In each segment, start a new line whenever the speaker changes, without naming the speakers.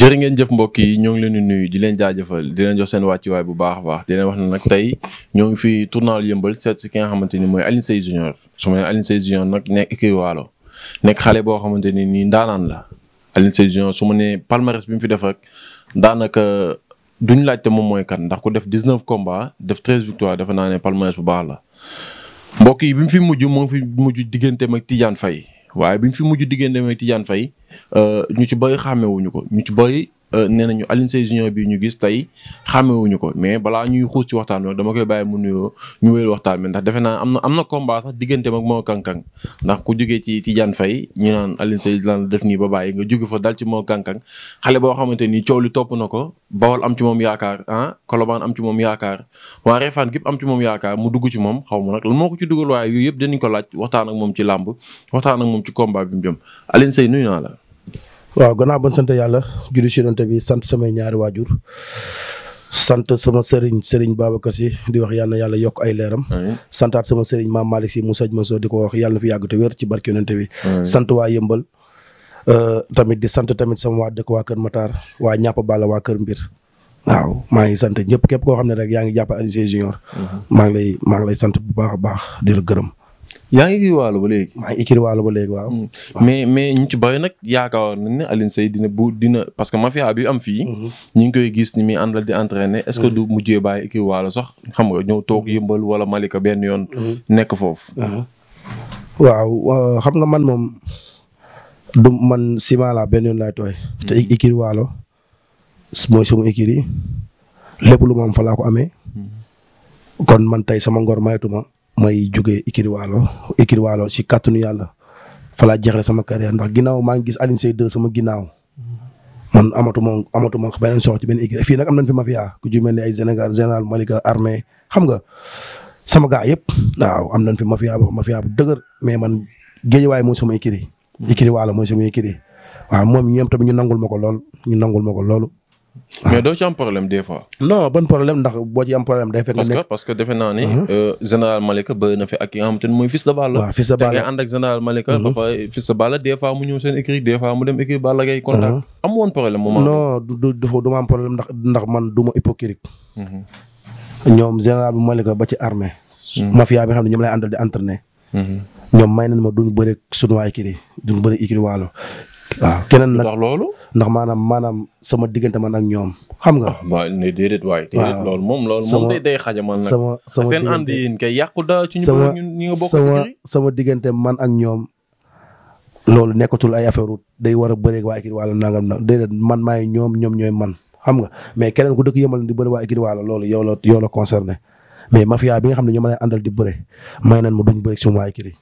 jërë ngeen jëf mbokk yi ñoo ngi leen di nuyu di leen jaajëfal di leen jox seen wàccuwaay bu baax baax di leen wax ne nag tey ñoo ngi fi tournal yëmbal seet si ki nga xamante ni mooy Alioune Seye Junior su ma nee Alioune Seye Junior nag nekk kii Waalo nekk xale boo xamante ni nii ndaanaan la Alioune Seye Junior su ma nee palmarès bi mu fi def rek daanaka duñ te moom mooy kan ndax ku def 19 combats def 13 victoires defe naa ne palmarès bu baax la mbokk yi bi mu fi mujj moo fi mujj digganteem ak Tidiane Faye waaye bi ñu fi mujj diggante demee Tidiane Faye euh, ñu ci bëri xàmmewuñu ko ñu ci bëri Euh, nee nañu Alioune Sèye Junior bi ñu gis tey xàmmewuñu ko mais balaa ñuy xuus ci waxtaan bi dama koy bàyyi mu nuyoo ñu wéyal waxtaan bi ndax defe naa am na am na combat sax diggante moom moo kànkang ndax ku jógee ci Tidiane Faye ñu naan Alioune Sèye lan la def nii ba bàyyi nga jóge fa dal ci moo kànkang xale boo xamante ni coow li topp na ko Bawol am ci moom yaakaar ah Colobane am ci moom yaakaar waa Refane gépp am ci moom yaakaar mu dugg ci moom xaw ma nag lan moo ko ci dugal waaye yooyu yëpp dinañ ko laaj waxtaan ak moom ci làmb waxtaan moom ci combat bi mu la
waaw gannaaw ba sant yàlla julli ci Yonent sant samay ñaari waajur sant sama sëriñ sëriñ Babacar Sy di wax yàlla yàlla yokk ay leeram santaat sama sëriñ maam Malick Sy Moussa Mansour di ko wax yàlla na fi yàgg te wér ci barke Yonent bi sant waa yëmbal euh, tamit di sant tamit sama waa dëkk waa Kër Matar waa ñàpp bala waa Kër Mbir waaw maa ngi sant ñëpp képp koo xam ne rek yaa ngi jàpp Alioune Sèye Junior mm-hmm. maa ngi lay maa ngi lay sant bu baax a baax di la gërëm
yaa ngi écurie Waalo ba léegi. maa
ngi Waalo ba léegi waaw. Hmm.
mais mais ñu ci bëri nag yaakaar nañ ne alin Seye dina bu dina parce que mafia bi am fii. Mhm. ñu ngi koy gis ni muy àndal di ne est ce que mhm. du mujjee bàyyi écurie Waalo sax xam nga ñëw toog mhm. yëmbal wala Malika benn yoon. nekk foofu.
waaw xam nga man moom du man ciment laa benn yoon laay tooy. Hmm. te écurie Waalo mooy suma écurie lépp lu ma am fa laa ko amee. Hmm. kon man tey sama ngor mayatuma may jógee Ikiri Waalo Ikiri Waalo si kàttanu yàlla fa laa jeexale sama carrière ndax ginnaaw maa ngi gis Alioune Seye 2 sama ginnaaw man amatuma amatuma beneen soxla ci benn Ikiri fii nag am nañ fi mafia ku ju mel ni ay Sénégal général Malika armée xam nga sama gaa yëpp waaw am nañ fi mafia bu mafia bu dëgër mais man géejewaay mooy sama Ikiri. Ikiri Waalo mooy sama Ikiri waaw moom ñoom tamit ñu nangul ma ko lool ñu nangul ma ko loolu.
Ah. mais doo ci am problème des fois.
non ban problème ndax boo ci am problème day fekk. parce que
parce que defe naa mhm. euh, général Malika bëri fi ak ki nga mhm. des fois mu ñëw seen écrit des fois mu dem écrit Balla Gaye contact. Mhm. am woon problème moment non
du du ma am problème ndax man du ma hypocrite. ñoom général Malika ba ci armée. mafia bi xam ne ñoom lay àndal di entraîner. ñoom may nañ ma duñ bëri sunu waa écrit duñ bëri écrit waalo waaw keneen nag loolu. ndax maanaam sama diggante man ak ñoom xam nga. Ah,
waaw ne déedéet waaye. loolu moom loolu moom day day xajamal nag. sama sama seen ànd yi kay yàqu daa ci ñu ñu
sama diggante man ak ñoom. loolu nekkatul ay affaire day war a bëreeg waa Ekiri Waalo nangam na déedéet man maay ñooy man xam nga mais keneen ku dëkk yëmal di bëri waa loolu yow la yow la concerné mais mafia bi nga xam ne ñoom lay àndal di bëre may nan mu duñ bëri suñu waa Ekiri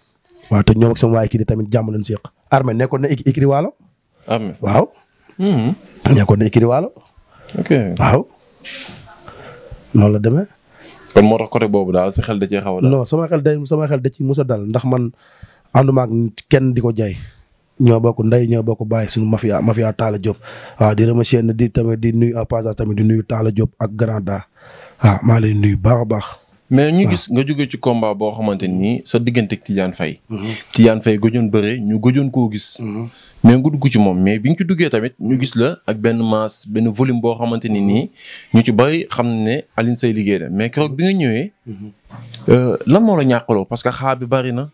waaw te ñoom ak sama waa kii tamit jàmm leen séq armée nekkoon na ikiri waalo. waaw. Hmm.
nekkoon na ikiri waalo. ok waaw. noonu la demee. kon moo tax côté boobu daal sa xel da cee xaw a.
sama xel day sama xel da ci musa dal ndax man ànduma kenn di ko jaay. ñoo bokk ndey ñoo bokk bàyyi suñu mafia mafia Talla Diop waaw di remercier di tamit di nuyu en passage tamit di nuyu Talla Diop ak Grand Da waaw maa lay nuyu baax a baax.
mais ñu ah. gis nga jóge ci combat boo xamante nii sa diggante ak Tidiane Faye mhm. Tidiane Faye gëjoon bëre ñu gëjoon koo gis mhm. mais nga dugg ci moom mais bi ñu ci duggee tamit ñu gis la ak benn masse benn volume boo xamante ni nii ñu ci bari xam ne alin say liggéey la mais keroog bi nga ñëwee mhm. euh, lan moo la ñàkkaloo parce que xaa bi bari na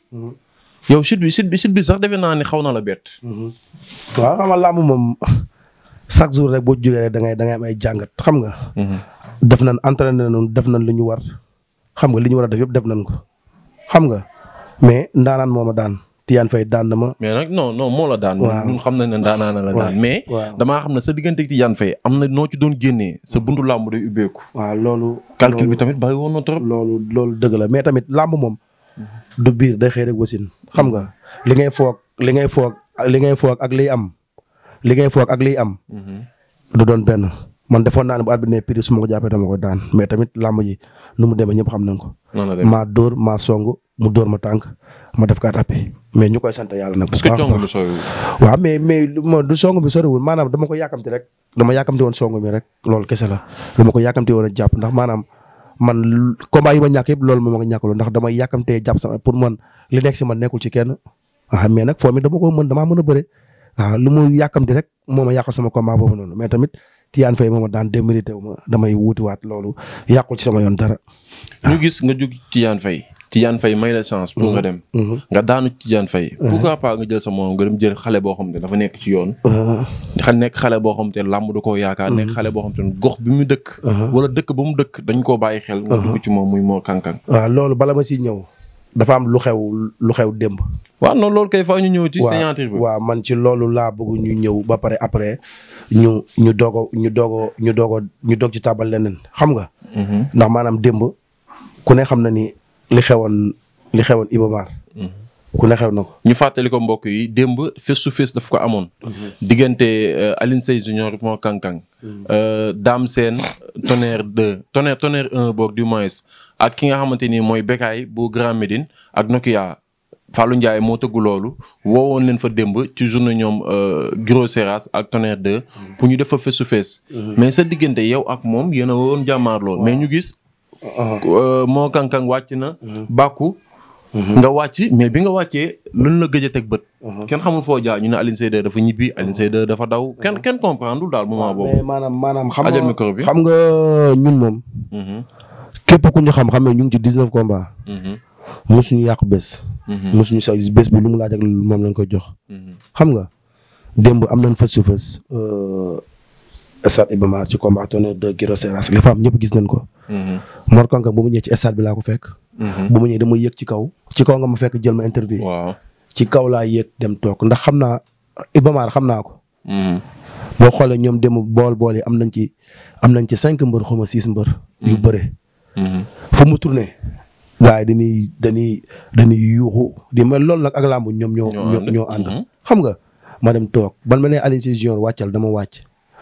yow sit bi sit bi sit bi sax defe naa ni xaw na la bett
waaw xam nga làmb moom chaque jour rek boo jógee rek da ngay da ngay am ay jàngat xam nga def nañ entraîné noonu def nañ lu ñu war xam nga li ñu war a def yëpp def nañ ko xam nga mais ndaanaan moo ma daan Tidiane Faye daan na ma.
mais nag non non moo la daan. waaw xam nañ ne ndaanaan la daan. mais damaa xam ne sa diggante ak Tidiane Faye am na noo ci doon génnee sa buntu làmb day ubbeeku. waa loolu. calcul bi tamit bari woon
na trop. loolu loolu dëgg la mais tamit làmb moom. du biir day xëy
rek wasin xam nga
li ngay foog li ngay foog li ngay foog ak liy am li ngay foog ak liy am. Mhm. du doon benn. man defoon naa ne bu arbitre ne prix su ma ko jàppee dama ko daan mais tamit làmb ji nu mu demee ñëpp xam nañ ko. maa dóor maa song mu dóor ma tànk ma def kaat appi mais ñu koy sant yàlla nag. parce que cong bi mais mais du song bi soriwul maanaam dama ko yàkkamti rek dama yàkkamti woon song mi rek loolu kese la dama ko yàkkamti woon a jàpp ndax maanaam man combat yi ma ñàkk yëpp loolu moom ma ñàkkuloo ndax dama yàkkamtee jàpp sama pour man li nekk si man nekkul ci kenn ah mais nag foo mi dama ko mën damaa a bëre ah, lu mu yàkkamti rek moo ma yàqal sama combat boobu noonu mais tamit Tidiane Faye mooma daan démérité wu ma damay wuutiwaat loolu yàqul ci sama yoon dara.
ñu gis nga jug Tidiane Faye Tidiane Faye may la chance. pour nga mhm. dem. Mhm. nga daanu Tidiane Faye. Mhm. pourquoi pas nga jël sa moom nga dem jël xale boo xam te dafa nekk ci yoon. xa nekk xale boo xam te làmb du koo yaakaar. nekk xale boo xam te gox bi mu dëkk. wala dëkk ba mu dëkk dañ koo bàyyi xel. nga dugg ci moom muy moo kànkàn.
waaw loolu bala ma siy ñëw dafa am lu xew lu xew démb. waaw noonu
loolu kay faa ñu ñëw ci signature bi waaw
man ci loolu laa bëgg ñu ñëw ba pare après ñu ñu doog ñu doog ñu doog ñu doog ci tabal leneen xam nga. Mhm. ndax maanaam démb ku ne xam na ni li xewoon li xewoon Iba mhm. ku ne xew na ko.
ñu fàttali ko mbokk yi démb face to face daf ko amoon. Mhm. diggante euh, Alioune Seye Junior moo kankan euh, Dame Sène tonnerre deux tonnerre tonnerre un boog du moins ak ki nga xamante ni mooy Bécaye bu Grand Médine ak Nokia. Fallou Ndiaye moo tëggu loolu woowoon leen fa démb ci na ñoom euh, Giro Seras ak Tonnerre 2 mm. pour ñu def fa face fees mm-hmm. mais sa diggante yow ak moom yéen a waroon loolu mais ñu gis uh-huh. euh, moo kankang wàcc na mm-hmm. bàkku mm-hmm. nga wàcc mais bi nga wàccee luñ la gëj teg bët uh-huh. kenn xamul foo jaa ñu ne Alioune Seye dafa ñibbi Alioune Seye dafa daw uh-huh. kenn kenn comprendre daal moment boobu maanaam maanaam xam nga micro bi xam
nga ñun moom képp ku ñu xam xam ne ñu ngi ci 19 combats mosuñu yàqu bés. Mhm. mosuñu sax bés bu lu mu laaj ak moom lañ koy jox. Mhm. xam nga démb am nañ fa suufas. Euh, stade Iba Mar ci combat tonnerre de Guiro Seras am ñëpp gis nañ ko. Mhm. Mor Kanka bu mu ñëwee ci stade bi laa ko fekk. bu mu ñëwee dama ci kaw. ci kaw nga ma fekk jël ma waaw ci kaw laa dem toog ndax xam naa Iba xam naa ko. boo xoolee ñoom démb bool-bool yi am nañ ci am nañ ci cinq mbër xaw ma six mbër. yu bëre. fu mu tourné. gars yi dañuy dañuy dañuy yuuxu di ma loolu nag ak làmb ñoom ñoo. ñoo ànd mm-hmm. xam nga ma dem toog ban ma ne Alioune Sèye Junior wàccal dama wàcc.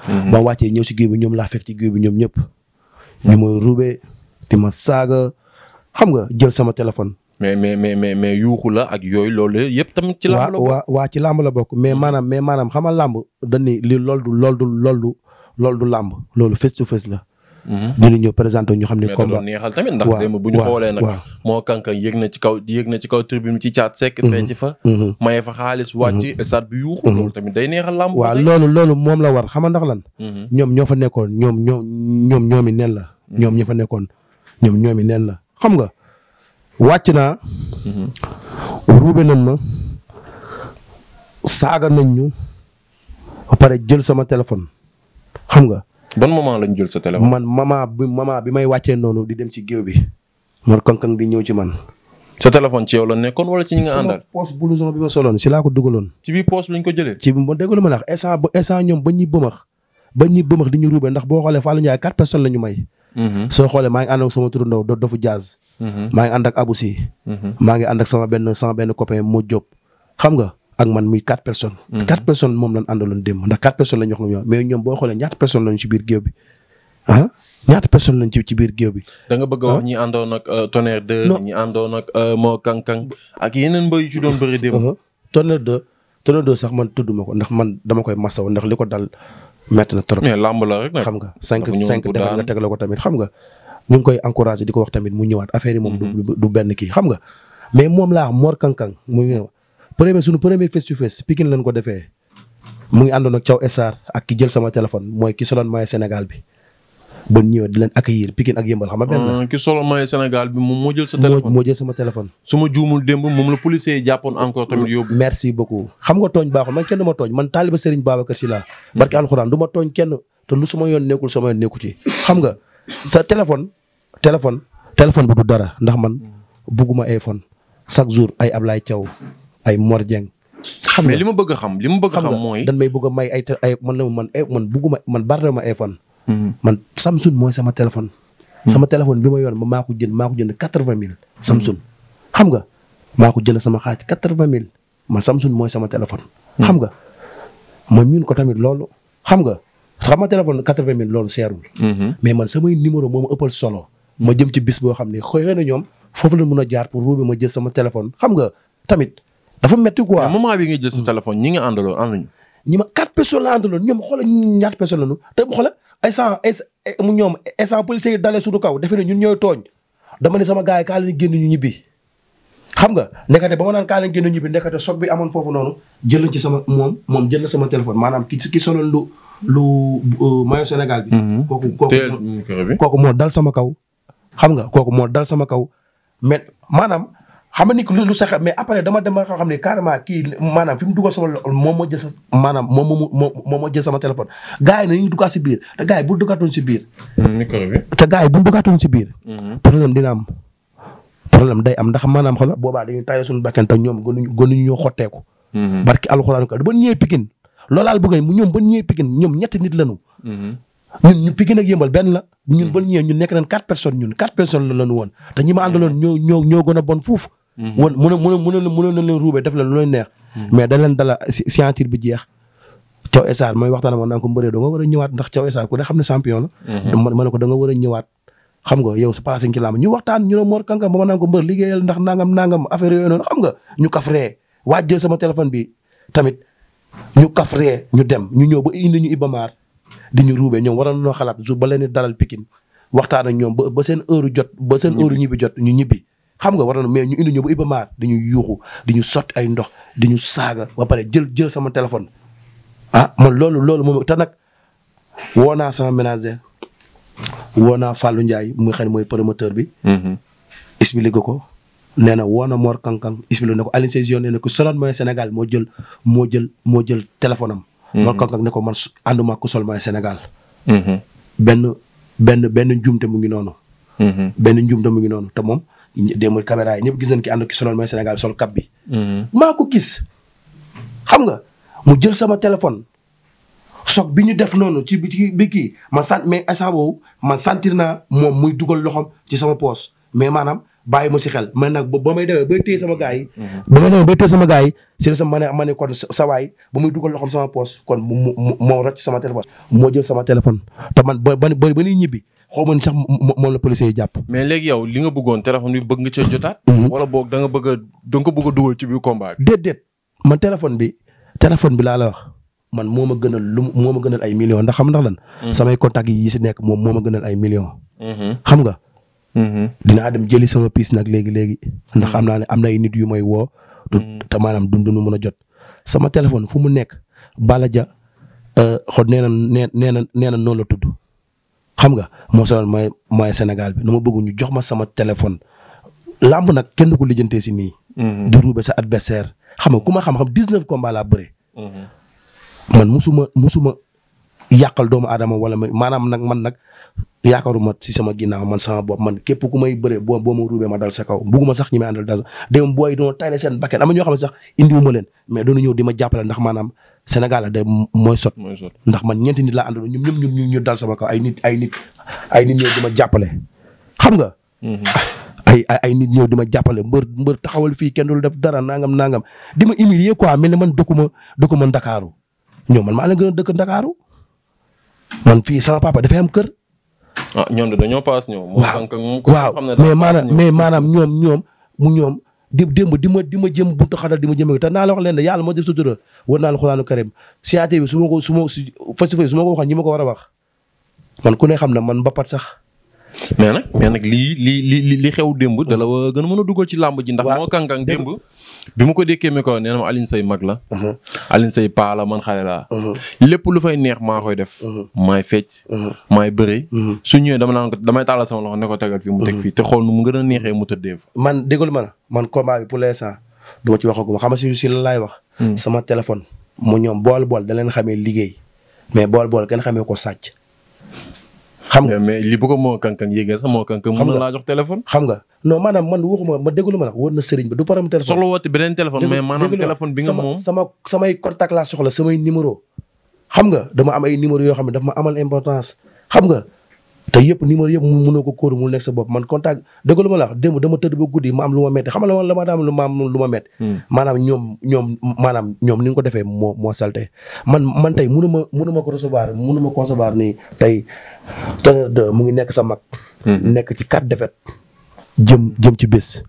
Mm-hmm. ba wàccee ñëw si géew bi ñoom laa fekk ci géew bi ñoom ñëpp. ñu mooy rubee di ma saaga xam nga jël sama téléphone.
mais mais mais mais yuuxu la ak yooyu loolu yëpp tamit. ci làmb la bokk waa
waa ci làmb la bokk mais mm-hmm. maanaam mais maanaam xama làmb dañ ni li loolu du loolu du loolu du loolu du làmb loolu face to face la. Mhm. ñu ne ñëw présenté ñu xam ne. combat mais da doon neexal tamit ndax démb bu ñu xoolee nag.
moo kankan yëg na ci kaw yëg na ci kaw tribune ci caat sekk. Mhm. fee ci fa. Mhm. maye fa xaalis wàcc stade bi yuuxu. loolu tamit day neexal laa waaw loolu
loolu moom la war xam ndax lan. ñoom ñoo fa nekkoon ñoom ñoom ñoom ñoom i nen la. ñoom ñoo fa nekkoon ñoom ñoom i nen la xam nga wàcc naa. ruube nañ ma saaga nañ ñu ba pare jël sama téléphone xam nga. ban moment lañ jël sa téléphone. man maman bi maman bi may wàccee noonu di dem ci géew bi.
man kankan bi ñëw ci man. sa téléphone ci yow la nekkoon wala ci ñi nga
soloon si laa dugaloon. ci biir poche lañ ko jëlee. ci ma déglu ma la wax instant di ñu ruubee ndax boo xoolee Fallou Ndiaye la ñu may. Mhm. soo xoolee maa ngi ànd ak sama turandoo do dofu mhm. maa ngi ànd ak Abou Sy. Mhm. maa ngi ànd ak sama benn sama benn copain moo Diop xam nga ak man muy quatre personnes. Mhm. quatre personnes moom lañ àndaloon démb ndax quatre personnes lañ wax la mais ñoom boo xoolee ñaata personnes lañ ci biir géew bi ah, ci biir géew bi.
da nga bëgg a wax ah. ñi àndoon ak euh, tonnerre de. ñi àndoon ak euh, moo kankang ak yeneen mbéy yu ci doon bëri démb. Uh-huh.
tonnerre de tonnerre sax man tudd ma ko ndax man dama koy masaw ndax li ko dal metti na trop. mais
làmb la rek nag xam nga cinq cinq defar nga
ko tamit xam nga. ñu ngi koy encouragé di ko wax tamit mu ñëwaat affaire yi moom. du mhm. benn kii xam nga mais moom laa Mor kankang mu ñëw premier suñu premier face to face Pikine lañ ko defee mu ngi àndoon ak Thiaw Essar ak ki jël sama téléphone mooy ki soloon maye Sénégal bi ba ñëw leen accueillir Pikine ak yëmbal xam nga benn la.
Ah, ki soloon maye bi moom moo jël sa téléphone moo jël sama téléphone.
su ma moom la
policier yi jàppoon encore tamit yóbbu.
merci beaucoup xam nga tooñ baaxul man kenn du tooñ man taaliba Serigne Babacar Sy laa barke alxuraan du ma tooñ kenn te lu suma yoon nekkul sama yoon nekku xam nga sa téléphone téléphone téléphone bi du dara ndax man bugguma iPhone chaque jour ay Ablaye Thiaw ay Mor Dieng.
xam mais li ma bëgg a xam li ma bëgg a xam mooy. dañ
a may ay ay man la man eh, man bëgguma man Barthélémy iPhone. Hmm. man Samsung mooy sama téléphone. Hmm. sama téléphone bi ma yor ma maa ko jënd maa ko jënd quatre vingt mille. Samsung hmm. xam nga maa ko jënd sama xaalis quatre vingt mille ma Samsung mooy sama téléphone. xam nga ma miin ko tamit loolu xam nga. xam nga téléphone quatre vingt mille loolu seerul. mais man samay numéro moo ma solo. ma jëm ci boo xam ne xëy na ñoom foofu la mën a jaar pour ruube ma jël sama téléphone xam nga tamit. dafa metti
quoi moment bi ngay jël sa mm. téléphone ñi nga àndaloon ànduñu.
ñi ma quatre personnes la àndaloon ñoom xoolal ñaata personnes la te xoolal ay eh, mu ñoom ay cent dalee suñu kaw defe ne ñun ñooy tooñ dama ne sama gars yi kaa leen génn ñu ñibbi. xam nga nekkate ba ma naan kaa leen génn ñibbi nekkate soog bi amoon foofu noonu jël na ci sama moom moom jël na sama téléphone maanaam ki ki soloon lu lu euh, maillot Sénégal bi. Mm-hmm. kooku kooku moo dal sama kaw. xam nga kooku moo dal sama kaw mais maanaam. xam nga ni lu sax mais après dama dem ba xam ne carrément kii maanaam fi mu dugal sama moom moo jël sa maanaam moom moo moo moo moo jël sama téléphone bu duggaatoon si biir. Hmm, micro bi. te gars yi bu duggaatoon si biir. Hmm. problème dina am problème day am ndax maanaam xoolal boobaa ta taayoo suñu bakkan te ñoom gënuñu gënuñu ñoo xotteeku. Hmm. barki alxuraan ko ba ñëwee Pikine loolaal bëgg mu ba ñëwee Pikine ñetti nit lañu. ñun ñu Pikine benn la. ñun ba ñëwee ñun nekk nañ quatre personnes ñun quatre personnes la lañu woon te ñi ma àndaloon ñoo ñoo gën a bon fuuf wan mën a mën a mën a mënoon nañ def la lu leen neex. Mhm. mais dañ leen dala scientifique bi jeex. Thiaw Essar mooy waxtaan ma naan ko mbëree da nga war a ñëwaat ndax Thiaw Essar ku ne xam ne champion mhm. ma ne ko da nga war a ñëwaat. xam nga yow sa place ci ñu waxtaan ñu ne Mor Kang Kang ba ma naan ko mbër liggéeyal ndax nangam nangam affaire yooyu noonu xam nga ñu kaf ree waa jël sama téléphone bi tamit ñu kaf ñu dem ñu ñëw ba indi ñu Ibamaar di ñu ruubee ñoom waroon nañoo xalaat jour ba leen dalal Pikine waxtaan ak ñoom ba seen heure jot ba seen heure ñibbi jot ñu ñibbi xam nga war na mais ñu indi ñu bu Iba Mar dañuy yuuxu di ñu sotti ay ndox di ñu saaga ba pare jël jël sama téléphone ah ma loolu loolu moom te nag woo naa sama ménager woo naa Fallou Ndiaye mu xam ne mooy promoteur bi. Mm-hmm. expliqué ko nee na woo na Mor Kankang expliqué na ko Alioune Sèye nee na ko sonal mooy Sénégal moo jël moo jël moo jël téléphone am. Mm-hmm. Mor Kankang ko man ànduma ko sol mooy Sénégal. Mm-hmm. benn benn benn njumte mu ngi noonu. benn njumte mu ngi noonu te moom. démb caméra yi ñëpp gis nañ ki ànd ki sonal mooy Sénégal sol cap bi. Mm-hmm. maa ko gis. xam nga mu jël sama téléphone choc bi ñu def noonu ci bi kii ma sant mais instant boobu ma sentir naa moom muy dugal loxom ci sama poos mais maanaam bàyyi ma si xel man nag ba may demee ba téye sama gars yi. Mm-hmm. ba may demee ba téye sama si la ma ne kon sa waay ba muy dugal loxom sama poos kon mu mu moo rocc sama téléphone. moo jël sama téléphone te man ba ba ba ñibbi. xaw ma sax moom la policier yi jàpp.
mais léegi yow li nga bëggoon téléphone bi bëgg nga cee jotaat. Mhm. wala boog da nga bëgg a da ko bëgg a dugal ci biir combat
bi. déedéet man téléphone bi téléphone bi laa la wax man moom ma gënal lu moo ma gënal ay millions ndax xam ndax lan. Mhm. samay contacts yi si nekk moom moo ma gënal ay million mhm. xam nga. dinaa dem jëli sama piis nag léegi léegi ndax am naa ne am na ay nit yu may woo. te maanaam du nu mën a jot sama téléphone fu mu nekk Balaja euh, xod nee na nee na nee na noonu la tudd. xam nga moo sonal mooy mooy Sénégal bi nu ma bëgg ñu jox ma sama téléphone làmb nag kenn du ko lijjantee si nii. Mhm. di ruube sa adversaire xam nga ku ma xam-xam 19 combats laa
mhm.
man musuma musuma yàqal doomu aadama wala maanaam nag man nag si sama ginnaaw man sama bopp man képp ku may bëree boo boo ma ruubee ma dal sa kaw bugguma sax ñi may àndal dal sa dem booy doon tayle seen bakkan am na ñoo xam ma jàppale ndax maanaam Sénégal la man ñeenti nit laa àndal ñoom ñoom ñu ñu dal sama kaw ay nit ay nit ay nit di ma jàppale mhm. ay nit ñëw di ma jàppale mbër mbër taxawal fii kenn du def dara nangam nangam di ma humilier quoi mel ne man dëkkuma dëkkuma Ndakaaru ñoom man maa dëkk Ndakaaru man fii sama papa dafay am kër.
ah ñoom de dañoo paas ñoom. waaw mais maanaam mais
maanaam ñoom ñoom mu ñoom di démb di ma di ma jëm buntu xatal di ma jëm te naa la wax leen ne yàlla moo def sutura war naa la xuraanu karim siyaate bi su ma ko su ma su fas su ma ko waxoon ñi ma ko war a wax man ku ne xam na man mbapat sax.
mais nag mais nag lii lii li li xew démb. dala wa gën a mën a dugal ci làmb ji. ndax moo kànkang démb. bi ma ko dékkee mi ko nee ma alin say mag la. Uh-huh. Alioune say paa la man xale laa. Uh-huh. lépp lu fay neex maa koy def. Uh-huh. maay fecc. maay bëri. su ñëwee dama naan ko damay tàllal sama loxo ne ko tegal fii mu teg fii te xool nu mu gën a neexee mu tëddee man déggul ma man combat bi pour l'instant du ma ci wax ak ma xam si si la laay wax.
Hmm. sama téléphone mu ñoom bool bool da leen xamee liggéey mais bool bool kenn xamee ko sàcc
xam nga mais li bu ko moo kankan yéeg nga sax moo kankan mën na laa jox téléphone xam nga
non maanaam man waxuma ma déglu ma nag wóor na sëriñ bi du param téléphone soxla
woote beneen téléphone mais maanaam téléphone bi nga moom
samay contact laa soxla samay numéro xam nga dama am ay numéro yoo xam ne daf ma amal importance xam nga te yëpp numéro yëpp mënoo ko kóoru mu nekk sa bopp man contact dëgg lu ma la wax démb dama tëdd ba guddi ma am lu ma metti xamal la ma daam lu ma am lu ma metti hmm. maanaam ñoom ñoom maanaam ñoom ni nga ko defee moo moo salte man man tey mënu ma mënu ma ko recevoir mënu ma concevoir nii tey Tonnerre mu ngi nekk sa mag hmm. nekk ci quatre défaites jëm jëm ci bés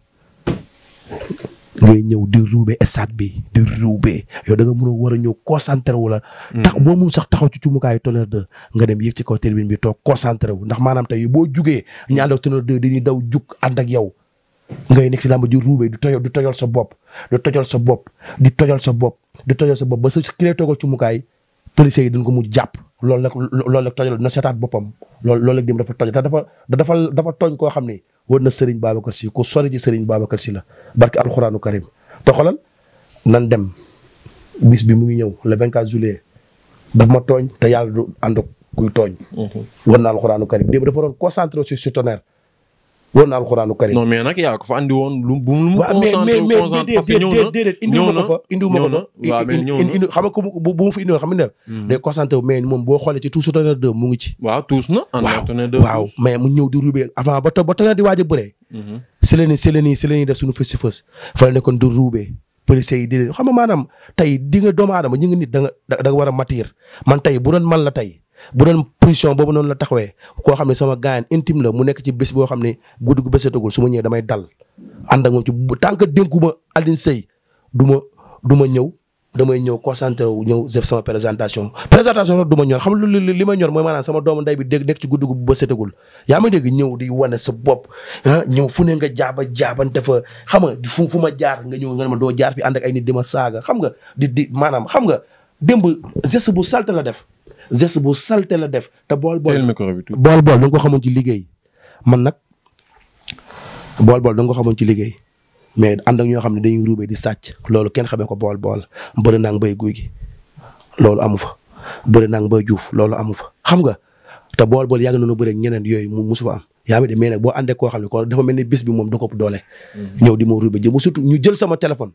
ngay ñëw di ruube stade bi di ruube yow da nga mën war a ñëw concentré wu la. Mm. tax boo mun sax taxaw ci cumukaayu Tonnerre 2 nga dem yéeg ci kaw tribune bi toog concentré wu ndax maanaam tey boo jugee ñu ànd ak Tonnerre 2 dañuy daw jug ànd yow. ngay nekk si làmb ji ruube du tojal du tojal sa bopp du tojal sa bopp di tojal sa bopp di tojal sa bopp ba sa ki lay toogal cumukaay police yi dañ mu mujj jàpp. loolu nag loolu nag tojal na seetaat boppam loolu loolu nag dem dafa toj dafa dafa dafa tooñ koo xam ni. wër na Serigne Babacar Sy ku sori ji Serigne Babacar si la barke alxuraanu karim te xolal nan dem bis bi mu ngi ñëw le 24 juillet daf ma tooñ te yàlla du ànd kuy tooñ. Mhm. wër na alxuraanu karim démb dafa doon concentré aussi sur tonnerre. woon na alxuraanu karim. non
mais nag yaa ko fa andi woon lu bu mu. concentré wu concentré parce que ñëw na ñëw na ñëw na waaw mais ñëw
na xam nga bu bu mu fa indiwoon xam nga ne. Hmm. day concentré wu mais moom boo xoolee ci tous tonnerre deux mu ngi ci. waaw tous na. en tonnerre deux waaw mais mu ñëw di ruubee avant ba ba tonnerre di waaj a bëree. Hmm. si la ni si la ni si la ni def suñu fës fës fa la nekkoon di ruubee. policiers yi di leen xam nga maanaam tey di nga doomu aadama ñu ngi nit da nga da nga war a matir man tey bu doon man la tey bu doon position boobu noonu la taxawee koo xam ne sama gaayan intime la mu nekk ci bés boo xam ne guddi gu bésetagul su ma ñëwee damay dal ànd ak moom ci tant que dénkuma Alioune Seye du ma du ñëw damay ñëw concentré wu ñëw def sama présentation présentation du ma ñor xam lu li ñor mooy maanaam sama doomu nday bi dégg nekk ci guddi gu bésetagul yaa ñëw di wane sa bopp ah ñëw fu ne nga jaaba jaabante fa xam nga fu fu ma jaar nga ñëw nga ma doo jaar fi ànd ak ay nit di ma saaga xam nga di di maanaam xam nga démb geste bu salte la def geste bu salté la def te bool bool bool bool da nga ko xam ci liggéey man nag bool bool da nga ko ci liggéey mais ànd ñoo xam ne dañuy ruubee di sàcc loolu kenn xamee ko bool bool bëri naa ngi bay guy gi loolu amu fa bëri naa ngi bay juuf loolu amu fa xam nga te bool bool yàgg nañu bëri ak ñeneen yooyu mu musu fa am yaa ngi de mais boo àndee koo xam ne ko dafa mel ni bis bi moom da ko doole mm-hmm. ñëw di ma ruubee jëm surtout ñu jël sama téléphone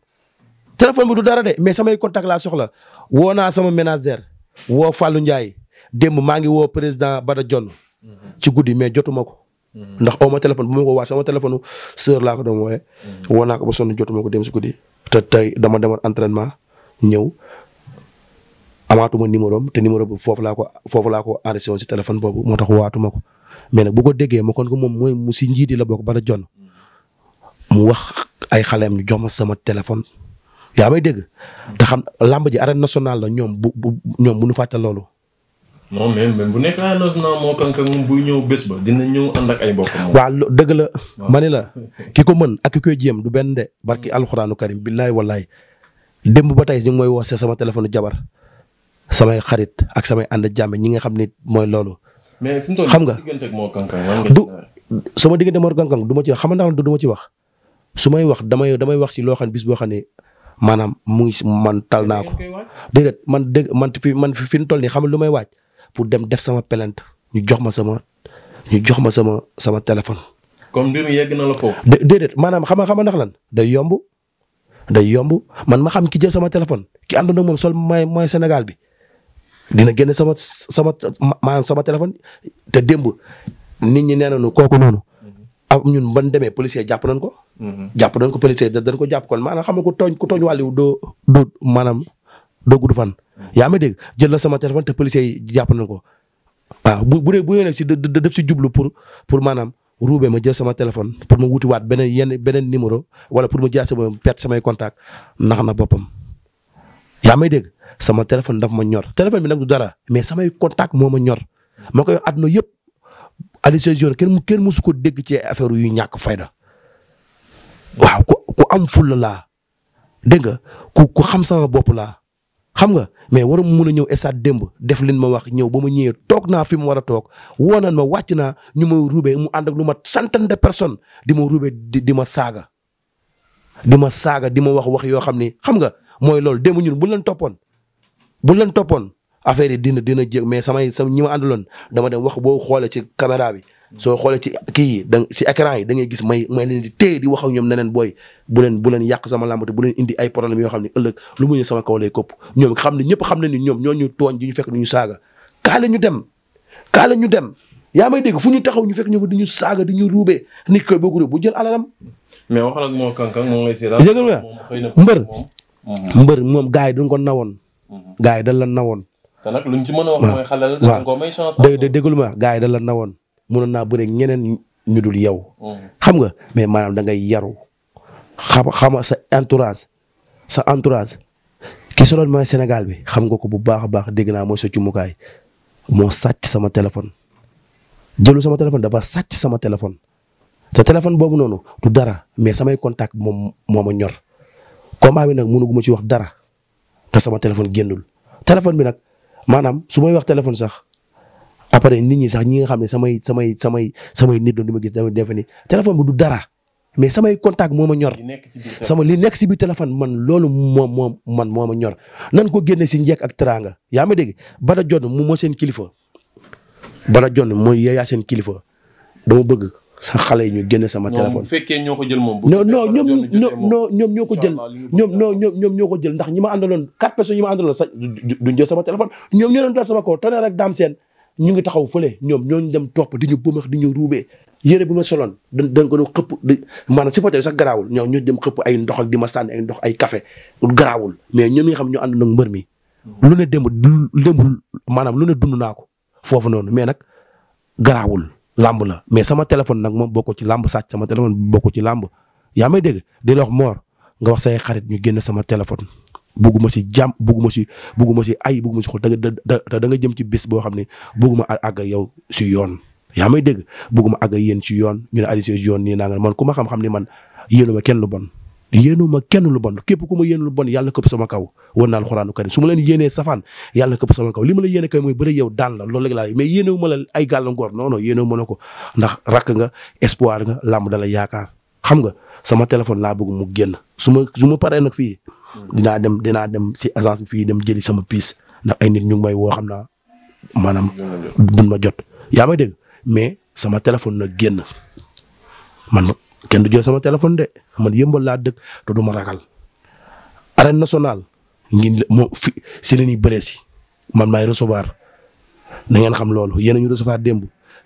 téléphone bi du dara de mais samay contact laa soxla woo naa sama ménagère woo Fallou Ndiaye démb maa ngi woo président Bada jon ci guddi mais jotuma ko. ndax oo ma téléphone bu ma ko waat sama téléphone sœur laa ko doon wooyee. woo naa ko ba sonn jotuma ko dem si guddi. te tey dama demoon entraînement ñëw amaatuma numéro te numéro bi foofu laa ko foofu laa ko enregistré woon si téléphone boobu moo tax waatuma ko mais nag bu ko déggee ma kon ko moom mooy mu si njiiti la bokk Bada John mu wax ay xaleem ñu jox ma sama téléphone yaa may dégg te xam làmb ji arène nationale la ñoom bu bu ñoom bu nu fàtte loolu.
non dina ñëw ànd ak
dëgg la. ma ne la ki ko mën ak ki koy jéem du benn de. barki alxuraanu karim billaay wallaay démb ba tey ñu mooy woo sama téléphone jabar samay xarit ak samay ànd jàmm ñi nga xam ni mooy loolu.
mais fi mu toll xam nga du
sama diggante Mor Kankang du ci wax xam naa du ma ci wax su may wax damay damay wax si loo xam bis boo xam ne maanaam mu ngi si man tal naa ko déedéet man dégg man fi man fi nu toll nii xam lu may waaj pour dem def sama plainte ñu jox ma sama ñu jox ma sama sama téléphone.
comme mbir mi yegg na la foofu.
maanaam xam xama ndax lan day yomb day yomb man ma xam ki jël sama téléphone ki àndoon ak moom sol may mooy Sénégal bi dina génne sama sama maanaam sama téléphone te démb nit ñi nee nañu kooku noonu. am mm-hmm. ah, ñun ban demee policier jàpp nañ ko. jàpp dañ ko policier dañ ko jàpp kon maanaam xam nga ku tooñ ku tooñ wàllu doo doo maanaam doo gudd fan. yaa ngi dégg jël na sama téléphone te policier yi jàpp nañ ko waaw bu bu dee bu nag si def si jublu pour pour maanaam ruube ma jël sama téléphone pour ma wuti waat beneen yenn beneen numéro wala pour ma jëlaat sama perte samay contact nax na boppam. yaa may dégg sama téléphone daf ma ñor téléphone bi nag du dara mais samay contact moo ma ñor ma koy àdduna yëpp Alioune Seye Junior kenn kenn mësu ko dégg ci affaire yu ñàkk fayda waaw ku ku am fulla laa dégg nga ku ku xam sama bopp laa xam nga mais waram mun a ñëw estade démb def leen ma wax ñëw ba ma ñëwee toog naa fi mu war a toog woo naan ma wàcc naa ñi ma ruubee mu ànd ak lu ma centaine de personnes di ma ruubee di ma saaga. di ma saaga di ma wax wax yoo xam ni xam nga mooy loolu démb ñun bu leen toppoon bu leen toppoon affaire yi dina dina jéeg mais samay sama ñi ma àndaloon dama dem wax boo xoolee ci caméra bi soo xoolee ci kii yi da si écran yi da ngay gis may may leen di téye di wax ak ñoom ne booy bu leen bu leen yàq sama làmbate bu leen indi ay problème yoo xam ne ëllëg lu mu ñu sama kaw lay kopp ñoom xam ne ñëpp xam ne ni ñoom ñoo ñu tooñ di ñu fekk du ñu saaga kaale ñu dem kaale ñu dem yaa may dégg fu ñu taxaw ñu fekk ñu fa di ñu saaga di ñu ruubee ni koy boo ko bu jël alalam
mais wax nag moo kankan moo mbër
mbër moom gars yi duñ ko nawoon mhm. gars yi dañ la nawoon
te nag luñ ci mën a wax mooy xale la dañ ko may chance
déglu ma gars yi dañ la nawoon mënoon naa bëre ñeneen ñu dul yow. Mm. xam nga mais maanaam da ngay yaru xam xama sa entourage sa entourage ki soloon ma Sénégal bi xam nga ko bu baax a baax dégg naa mooy sa cumukaay moo sàcc sama téléphone. jëlu sama téléphone dafa sàcc sama téléphone te téléphone boobu noonu du dara mais samay contact moom moom ma ñor combat bi nag mënuguma ci wax dara te sama téléphone génnul téléphone bi nag maanaam su may wax téléphone sax. après nit ñi sax ñi nga xam ne samay samay samay samay nit doon di ma gis dama defe ni téléphone bi du dara mais samay contact moom ma ñor. sama li nekk si biir téléphone man loolu moom moom man moo ma ñor. nan ko génne si njëkk ak teraanga yaa ma dégg Bada Dione mu moo seen kilifa Bada Dione mooy yaa seen kilifa dama bëgg. sax xale yi ñu génne sama téléphone. bu fekkee
ñoo ko jël moom. non
non ñoom ñoo ñoom ñoo ko jël. ñoom ñoo ñoom ñoo ko jël ndax ñi ma àndaloon quatre personnes ñi ma àndaloon sax duñ ñoom ñoo doon sama kaw tonnerre rek daam seen ñu ngi taxaw fële ñoom ñooñu dem topp di ñu bëmax di ñu ruubee yére bi ma soloon da dañ ko xëpp di maanaam supporter sax garaawul ñoom ñu dem xëpp ay ndox ak di ma sànni ay ndox ay café garaawul mais ñoom ñi xam ñu ànd nag mbër mi lu ne démb démb maanaam lu ne dund naa ko foofu noonu mais nag garaawul làmb la mais sama téléphone nag moom bokk ci làmb sàcc sama téléphone bokk ci làmb yaa ma dégg di la moor nga wax say xarit ñu génn sama téléphone bugguma si jàmm bugguma si bugguma si ay bugguma si xool da da da nga jëm ci bés boo xam ne bugguma àgg yow si yoon. yaa may dégg bugguma àgg yen ci yoon ñu ne Aliou Cissé yoon nii naa nga man ku ma xam-xam ni man yéenuma kenn lu bon. yéenuma kenn lu bon képp ku ma yéen lu bon yàlla këpp sama kaw woon naa alxuraanu karim su ma leen yéenee safaan yàlla këpp sama kaw li ma la yéene kay mooy bëri yow daan la loolu rek laa mais ma la ay gàllankoor non non yéenewu ma la ko ndax rakk nga espoir nga làmb dala yaakaar. xam nga sama téléphone laa bëgg mu génn suma ma su ma paree nag fii. Hmm. dinaa dem dinaa dem si agence bi fii dem jëli sama piis ndax ay nit ñu ngi may woo xam na maanaam. duñ ma jot yaa may dégg mais sama téléphone nag génn man kenn du jël sama téléphone de man yemba laa dëkk te du ma ragal. arène nationale ngeen moo fi si la ñuy bëree si man maay recevoir na ngeen xam loolu yéen a ñu recevoir démb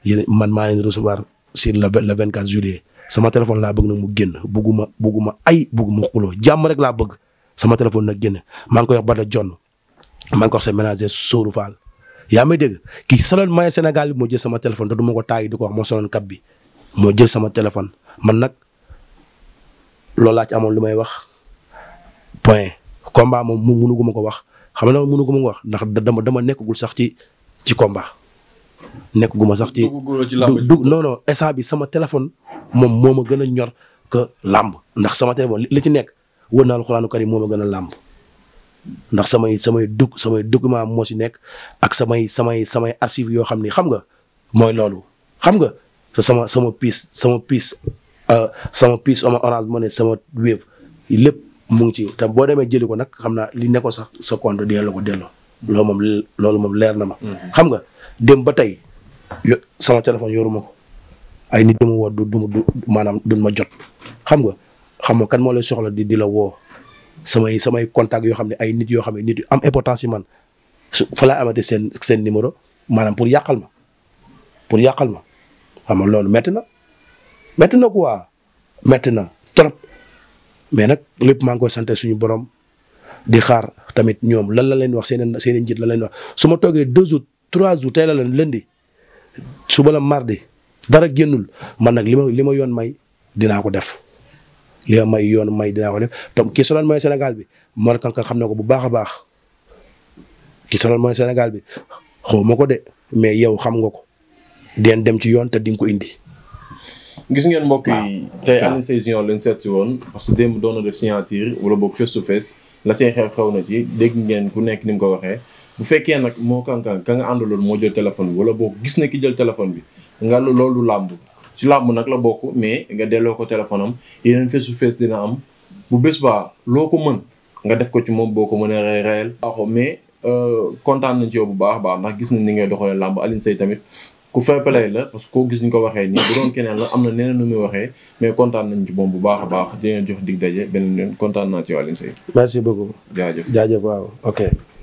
yéen man maa leen recevoir sur le le vingt quatre juillet. sama téléphone laa bëgg nag mu génn bëgguma bëgguma ay bëgguma xuloo jàmm rek laa bëgg sama téléphone nag génn maa ngi koy wax Bada John maa ngi ko wax sa ménager Sóoru yaa may dégg ki soloon maye Sénégal bi moo jël sama téléphone te ko taay di ko wax moo bi moo jël sama téléphone man nag loolu laa amoon lu may wax point combat moom mu ko wax xam nga munu guma ko wax ndax dama dama nekkagul sax ci ci combat nekkaguma sax ci. du non sama téléphone. moom moo ma gën a ñor que làmb ndax sama téléphone li ci nekk wër naa alxuraanu karim moo ma gën a làmb ndax samay samay dug samay document moo si nekk ak samay samay samay archive yoo xam ne xam nga mooy loolu xam nga te sama sama piis sama piis euh, sama piis sama orange money sama wave lépp mu ngi ci te boo demee jëli ko nag xam naa li ko sax sa compte dina la ko dello loolu moom loolu moom leer na ma mm-hmm. xam nga dem ba tey sama téléphone yoruma ay nit dama woo du du maanaam duñ ma jot xam nga xam nga kan moo lay soxla di di la woo samay samay contact yoo xam ne ay nit yoo xam ne nit yu am importance yi man su fa laa amate seen seen numéro maanaam pour yàqal ma pour yàqal ma xam nga loolu métti na métti na quoi métti na trop mais nag lépp maa ngi koy sant suñu borom di xaar tamit ñoom lan la leen wax seen seen njiit la leen wax su ma toogee deux jours trois jours tey la leen lundi suba la mardi dara génnul man nag li ma li ma yoon may dinaa ko def li ma may yoon may dinaa ko def tom kii soloon mooy Sénégal bi man kan xam ne ko bu baax a baax kii soloon mooy Sénégal bi xaw ko de mais yow xam nga ko den dem ci yoon te di nga ko indi.
gis ngeen mbokk yi tey Alioune Seye Junior lañ seet woon parce que démb def signature wala boog face to face la cay xew na ci dégg ngeen ku nekk ni mu ko waxee bu fekkee nag moo kankan ka nga àndaloon moo jël téléphone bi wala boog gis na ki jël téléphone bi. nga loolu làmb ci làmb nag la bokk mais nga delloo ko téléphone am yeneen u fees dina am bu bés baa loo ko mën nga def ko ci moom boo ko mënee rey reyal waaw mais euh, kontaan nañ ci yow bu baax baax ndax gis nañ ni ngay doxalee làmb Alioune Seye tamit ku fair-play la parce que koo gis ñu ko waxee nii bu doon keneen la am na neneen nu muy waxee mais kontaan nañ ci moom bu baax a baax dina jox dig daje beneen yoon kontaan naa ci yow Alioune Seye
merci beaucoup jaajëf